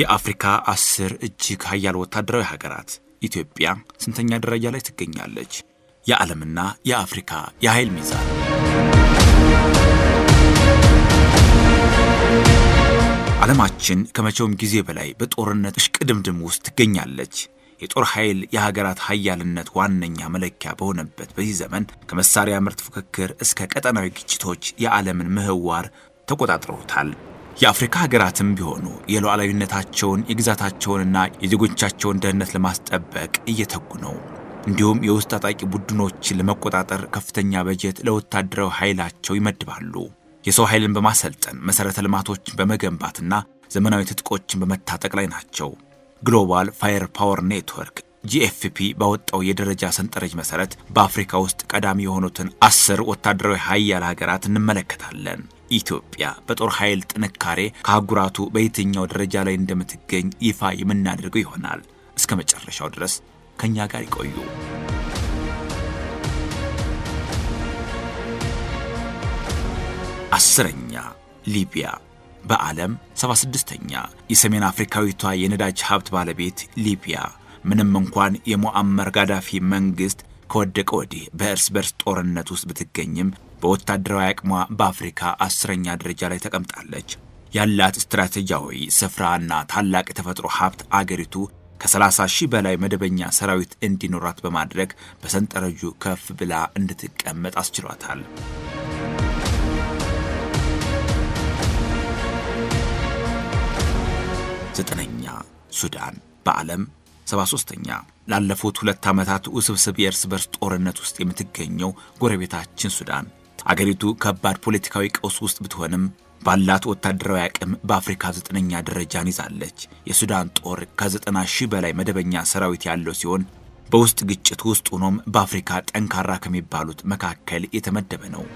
የአፍሪካ አስር እጅግ ሀያል ወታደራዊ ሀገራት ኢትዮጵያ ስንተኛ ደረጃ ላይ ትገኛለች? የዓለምና የአፍሪካ የኃይል ሚዛን። ዓለማችን ከመቼውም ጊዜ በላይ በጦርነት እሽቅድምድም ውስጥ ትገኛለች። የጦር ኃይል የሀገራት ሀያልነት ዋነኛ መለኪያ በሆነበት በዚህ ዘመን ከመሳሪያ ምርት ፉክክር እስከ ቀጠናዊ ግጭቶች የዓለምን ምህዋር ተቆጣጥረውታል። የአፍሪካ ሀገራትም ቢሆኑ የሉዓላዊነታቸውን የግዛታቸውንና የዜጎቻቸውን ደህንነት ለማስጠበቅ እየተጉ ነው። እንዲሁም የውስጥ ታጣቂ ቡድኖችን ለመቆጣጠር ከፍተኛ በጀት ለወታደራዊ ኃይላቸው ይመድባሉ። የሰው ኃይልን በማሰልጠን መሠረተ ልማቶችን በመገንባትና ዘመናዊ ትጥቆችን በመታጠቅ ላይ ናቸው። ግሎባል ፋየር ፓወር ኔትወርክ ጂኤፍፒ ባወጣው የደረጃ ሰንጠረዥ መሠረት በአፍሪካ ውስጥ ቀዳሚ የሆኑትን አስር ወታደራዊ ሀያል ሀገራት እንመለከታለን። ኢትዮጵያ በጦር ኃይል ጥንካሬ ከአህጉራቱ በየትኛው ደረጃ ላይ እንደምትገኝ ይፋ የምናደርገው ይሆናል። እስከ መጨረሻው ድረስ ከእኛ ጋር ይቆዩ። አስረኛ ሊቢያ በዓለም 76ኛ የሰሜን አፍሪካዊቷ የነዳጅ ሀብት ባለቤት ሊቢያ ምንም እንኳን የሞአመር ጋዳፊ መንግሥት ከወደቀ ወዲህ በእርስ በርስ ጦርነት ውስጥ ብትገኝም በወታደራዊ አቅሟ በአፍሪካ አስረኛ ደረጃ ላይ ተቀምጣለች። ያላት ስትራቴጂያዊ እና ታላቅ የተፈጥሮ ሀብት አገሪቱ ከ30 ሺህ በላይ መደበኛ ሰራዊት እንዲኖራት በማድረግ በሰንጠረዡ ከፍ ብላ እንድትቀመጥ አስችሏታል። ዘጠነኛ ሱዳን በዓለም 73ኛ ላለፉት ሁለት ዓመታት ውስብስብ የእርስ በርስ ጦርነት ውስጥ የምትገኘው ጎረቤታችን ሱዳን አገሪቱ ከባድ ፖለቲካዊ ቀውስ ውስጥ ብትሆንም ባላት ወታደራዊ አቅም በአፍሪካ ዘጠነኛ ደረጃን ይዛለች። የሱዳን ጦር ከዘጠና ሺህ በላይ መደበኛ ሰራዊት ያለው ሲሆን በውስጥ ግጭት ውስጥ ሆኖም በአፍሪካ ጠንካራ ከሚባሉት መካከል የተመደበ ነው።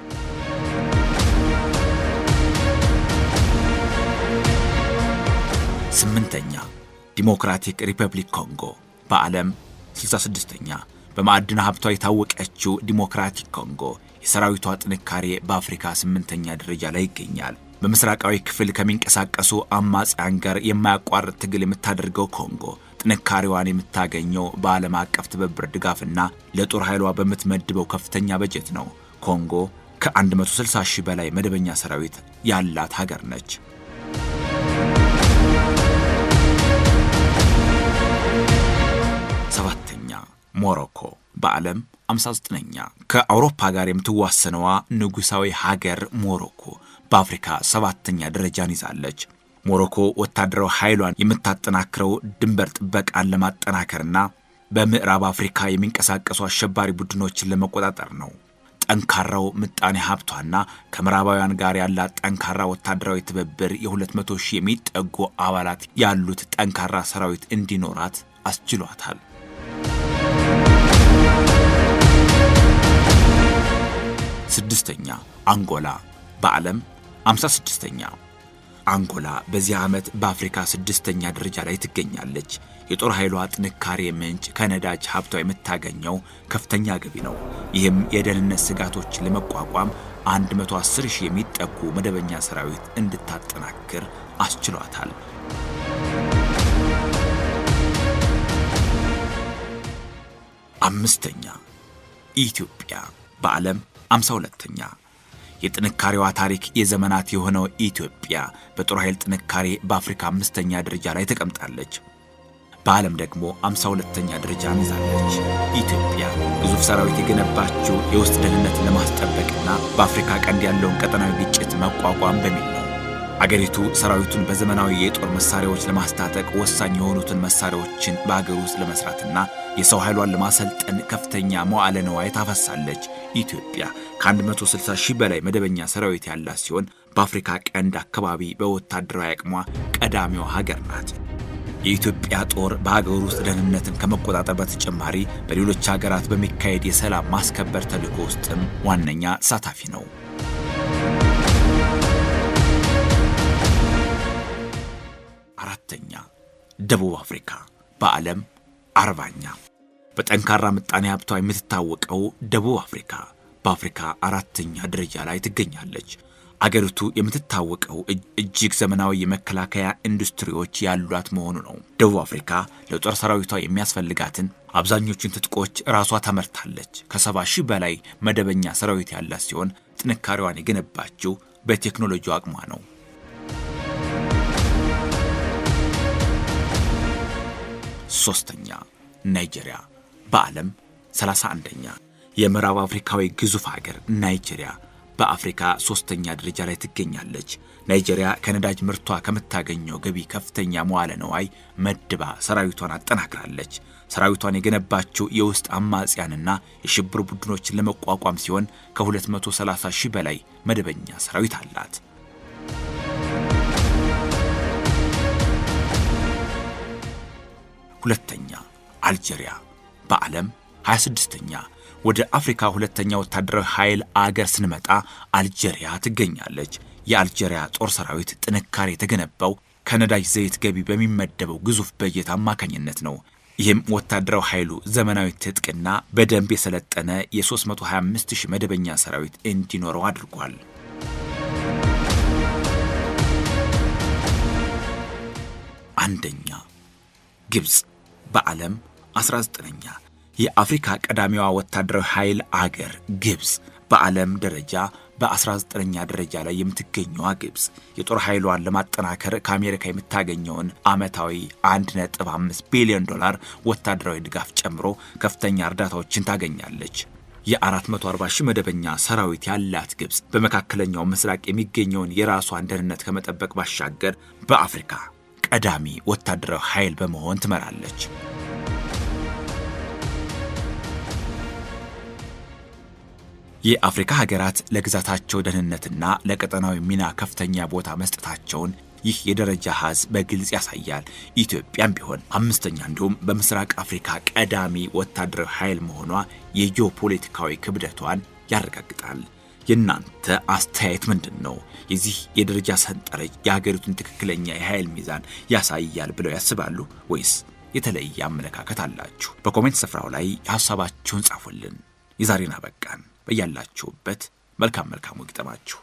ስምንተኛ ዲሞክራቲክ ሪፐብሊክ ኮንጎ በዓለም 66ኛ በማዕድና ሀብቷ የታወቀችው ዲሞክራቲክ ኮንጎ የሰራዊቷ ጥንካሬ በአፍሪካ ስምንተኛ ደረጃ ላይ ይገኛል። በምስራቃዊ ክፍል ከሚንቀሳቀሱ አማጽያን ጋር የማያቋርጥ ትግል የምታደርገው ኮንጎ ጥንካሬዋን የምታገኘው በዓለም አቀፍ ትብብር ድጋፍና ለጦር ኃይሏ በምትመድበው ከፍተኛ በጀት ነው። ኮንጎ ከ160 ሺህ በላይ መደበኛ ሰራዊት ያላት ሀገር ነች። ሞሮኮ በዓለም 59ኛ ከአውሮፓ ጋር የምትዋሰነዋ ንጉሳዊ ሀገር ሞሮኮ በአፍሪካ ሰባተኛ ደረጃን ይዛለች። ሞሮኮ ወታደራዊ ኃይሏን የምታጠናክረው ድንበር ጥበቃን ለማጠናከርና በምዕራብ አፍሪካ የሚንቀሳቀሱ አሸባሪ ቡድኖችን ለመቆጣጠር ነው። ጠንካራው ምጣኔ ሀብቷና ከምዕራባውያን ጋር ያላት ጠንካራ ወታደራዊ ትብብር የ200 ሺህ የሚጠጉ አባላት ያሉት ጠንካራ ሰራዊት እንዲኖራት አስችሏታል። ስድስተኛ አንጎላ በዓለም 56ኛ አንጎላ በዚህ ዓመት በአፍሪካ ስድስተኛ ደረጃ ላይ ትገኛለች። የጦር ኃይሏ ጥንካሬ ምንጭ ከነዳጅ ሀብቷ የምታገኘው ከፍተኛ ገቢ ነው። ይህም የደህንነት ስጋቶች ለመቋቋም 110 ሺህ የሚጠጉ መደበኛ ሰራዊት እንድታጠናክር አስችሏታል። አምስተኛ ኢትዮጵያ በዓለም አምሳ ሁለተኛ የጥንካሬዋ ታሪክ የዘመናት የሆነው ኢትዮጵያ በጦር ኃይል ጥንካሬ በአፍሪካ አምስተኛ ደረጃ ላይ ተቀምጣለች። በዓለም ደግሞ አምሳ ሁለተኛ ደረጃ ይዛለች። ኢትዮጵያ ግዙፍ ሰራዊት የገነባችው የውስጥ ደህንነትን ለማስጠበቅና በአፍሪካ ቀንድ ያለውን ቀጠናዊ ግጭት መቋቋም በሚል ነው። አገሪቱ ሰራዊቱን በዘመናዊ የጦር መሳሪያዎች ለማስታጠቅ ወሳኝ የሆኑትን መሳሪያዎችን በአገር ውስጥ ለመስራትና የሰው ኃይሏን ለማሰልጠን ከፍተኛ መዋዕለ ንዋይ ታፈሳለች። ኢትዮጵያ ከ160 ሺህ በላይ መደበኛ ሰራዊት ያላት ሲሆን በአፍሪካ ቀንድ አካባቢ በወታደራዊ አቅሟ ቀዳሚዋ ሀገር ናት። የኢትዮጵያ ጦር በሀገር ውስጥ ደህንነትን ከመቆጣጠር በተጨማሪ በሌሎች ሀገራት በሚካሄድ የሰላም ማስከበር ተልዕኮ ውስጥም ዋነኛ ተሳታፊ ነው። ደቡብ አፍሪካ በዓለም አርባኛ። በጠንካራ ምጣኔ ሀብቷ የምትታወቀው ደቡብ አፍሪካ በአፍሪካ አራተኛ ደረጃ ላይ ትገኛለች። አገሪቱ የምትታወቀው እጅግ ዘመናዊ የመከላከያ ኢንዱስትሪዎች ያሏት መሆኑ ነው። ደቡብ አፍሪካ ለጦር ሰራዊቷ የሚያስፈልጋትን አብዛኞቹን ትጥቆች ራሷ ታመርታለች። ከሰባ ሺህ በላይ መደበኛ ሰራዊት ያላት ሲሆን ጥንካሬዋን የገነባችው በቴክኖሎጂ አቅሟ ነው። ሶስተኛ፣ ናይጄሪያ በዓለም 31ኛ። የምዕራብ አፍሪካዊ ግዙፍ ሀገር ናይጄሪያ በአፍሪካ ሶስተኛ ደረጃ ላይ ትገኛለች። ናይጄሪያ ከነዳጅ ምርቷ ከምታገኘው ገቢ ከፍተኛ መዋለ ነዋይ መድባ ሰራዊቷን አጠናክራለች። ሰራዊቷን የገነባቸው የውስጥ አማጽያንና የሽብር ቡድኖችን ለመቋቋም ሲሆን ከ230 ሺህ በላይ መደበኛ ሰራዊት አላት። ሁለተኛ፣ አልጄሪያ በዓለም 26ኛ። ወደ አፍሪካ ሁለተኛ ወታደራዊ ኃይል አገር ስንመጣ አልጄሪያ ትገኛለች። የአልጄሪያ ጦር ሰራዊት ጥንካሬ የተገነባው ከነዳጅ ዘይት ገቢ በሚመደበው ግዙፍ በጀት አማካኝነት ነው። ይህም ወታደራዊ ኃይሉ ዘመናዊ ትጥቅና በደንብ የሰለጠነ የ325 ሺህ መደበኛ ሰራዊት እንዲኖረው አድርጓል። አንደኛ ግብፅ በዓለም 19ኛ የአፍሪካ ቀዳሚዋ ወታደራዊ ኃይል አገር ግብፅ በዓለም ደረጃ በ19ኛ ደረጃ ላይ የምትገኘዋ ግብፅ የጦር ኃይሏን ለማጠናከር ከአሜሪካ የምታገኘውን ዓመታዊ 1.5 ቢሊዮን ዶላር ወታደራዊ ድጋፍ ጨምሮ ከፍተኛ እርዳታዎችን ታገኛለች። የ440 ሺህ መደበኛ ሰራዊት ያላት ግብፅ በመካከለኛው ምስራቅ የሚገኘውን የራሷን ደህንነት ከመጠበቅ ባሻገር በአፍሪካ ቀዳሚ ወታደራዊ ኃይል በመሆን ትመራለች። የአፍሪካ ሀገራት ለግዛታቸው ደህንነትና ለቀጠናዊ ሚና ከፍተኛ ቦታ መስጠታቸውን ይህ የደረጃ ሀዝ በግልጽ ያሳያል። ኢትዮጵያም ቢሆን አምስተኛ እንዲሁም በምስራቅ አፍሪካ ቀዳሚ ወታደራዊ ኃይል መሆኗ የጂኦፖለቲካዊ ክብደቷን ያረጋግጣል። የእናንተ አስተያየት ምንድን ነው? የዚህ የደረጃ ሰንጠረዥ የሀገሪቱን ትክክለኛ የኃይል ሚዛን ያሳያል ብለው ያስባሉ ወይስ የተለየ አመለካከት አላችሁ? በኮሜንት ስፍራው ላይ ሀሳባችሁን ጻፉልን። የዛሬን አበቃን። በያላችሁበት መልካም መልካሙ ይግጠማችሁ።